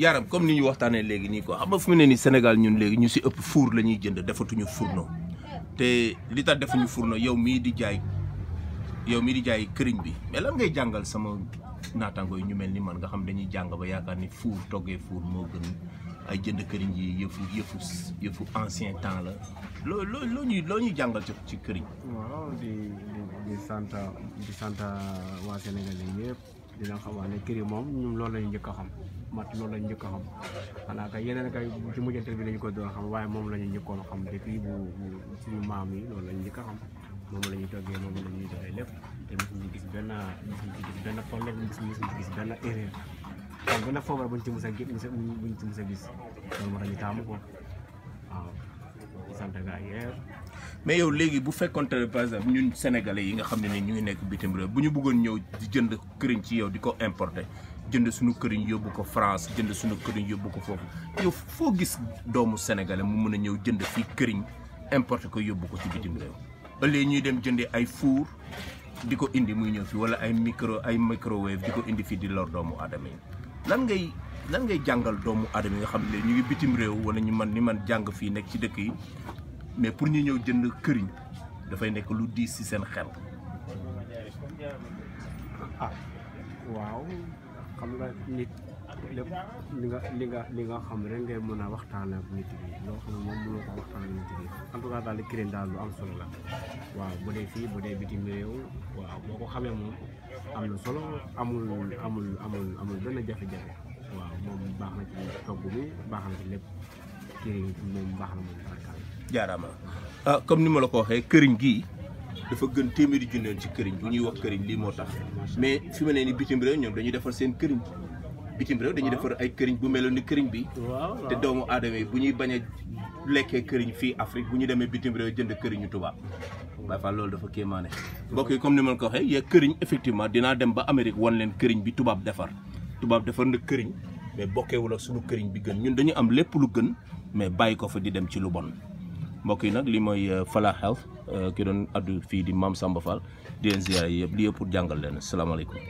yaram comme ni ñu waxtaanee léegi nii ko xam nga fu mu ne nii Sénégal ñun léegi ñu si ëpp four la ñuy jënd defatuñu fourneau te li tax defuñu fourneau yow mii di jaay yow mii di jaay këriñ bi mais ngay jàngal sama naataango yi ñu mel ni man nga xam dañuy jàng ba yaakaar ni four toggee fuur moo gën ay jënd këriñ yi yëfu yëfu yëfu ancien temps la loo loo loo ñuy jàngal ci ci këriñ. waaw di di di sant di yëpp. di leen xamal ne kër yi moom ñun loolu lañu njëkk a xam mat loolu lañu njëkk a xam xanaa kay yeneen kay ci mujjantal bi lañu ko doon xam waaye moom lañu njëkkoon xam depuis bu suñu maam yi loolu lañu njëkk a xam moom la ñuy toggee moom la ñuy defee lépp te mosuñu gis benn mosuñu ci gis gis benn erreur kon benn foofu la buñ ci mës a gis buñ ci mës a gis ñu taamu ko waaw sant gars yi mais yow léegi bu fekkonte ne par exemple ñun sénégalais yi nga xam ne ni ñu ngi nekk bitim réew bu ñu bëggoon ñëw di jënd këriñ ci yow di ko importer jënd suñu këriñ yóbbu ko France jënd suñu këriñ yóbbu ko foofu yow foo gis doomu sénégalais mu mën a ñëw jënd fii këriñ importer ko yóbbu ko ci bitim réew ëllëg ñuy dem jëndee ay four di ko indi muy ñëw fii wala ay micro ay microwave di ko indi fii di lor doomu aadama yi lan ngay lan ngay jàngal doomu aadama yi nga xam ne ñu ngi bitim réew wala ñu man ni man jàng fii nekk ci dëkk yi mais pour ñu ñëw jënd këriñ dafay nekk lu diis ci seen xel ah, xam nga nit lépp li nga li nga li nga xam rek ngay mën a waxtaan ak nit yi loo xam moom mënoo ko waxtaan ak nit yi en tout cas daal lu am solo la waaw bu dee fii bu dee bitim réew waaw boo ko xamee moom am na solo amul amul amul amul benn jafe-jafe waaw moom baax na ci togg mi baax na ci lépp këriñ moom baax na moom barkaal jaaraama ah, comme ni ma la ko waxee këriñ gii dafa gën téméri junne ci kërign bu ñuy wax kërign li moo tax mais fi ma ni bitim rew ñom dañuy défar seen kërign bitim rew dañuy défar ay kërign bu meloon ni bi té doomu adamé bu ñuy baña a kërign fi Afrique bu ñu démé bitim rew jënd kërignu tuba ba fa lool dafa kéemaane bokk yi comme ni ma ko waxé ya kërign effectivement dina dem ba Amérique won leen kërign bi tubab defar tubab defar na kërign mais bokkeewul ak suñu kërign bi gën ñun dañuy am lépp lu gën mais bayiko fa di dem ci lu bon mbokk yi nak li moy euh, Fala Health ki doon addu fii di maam Samba Fall di leen yëpp lii yëpp pour jàngal leen salaamaaleykum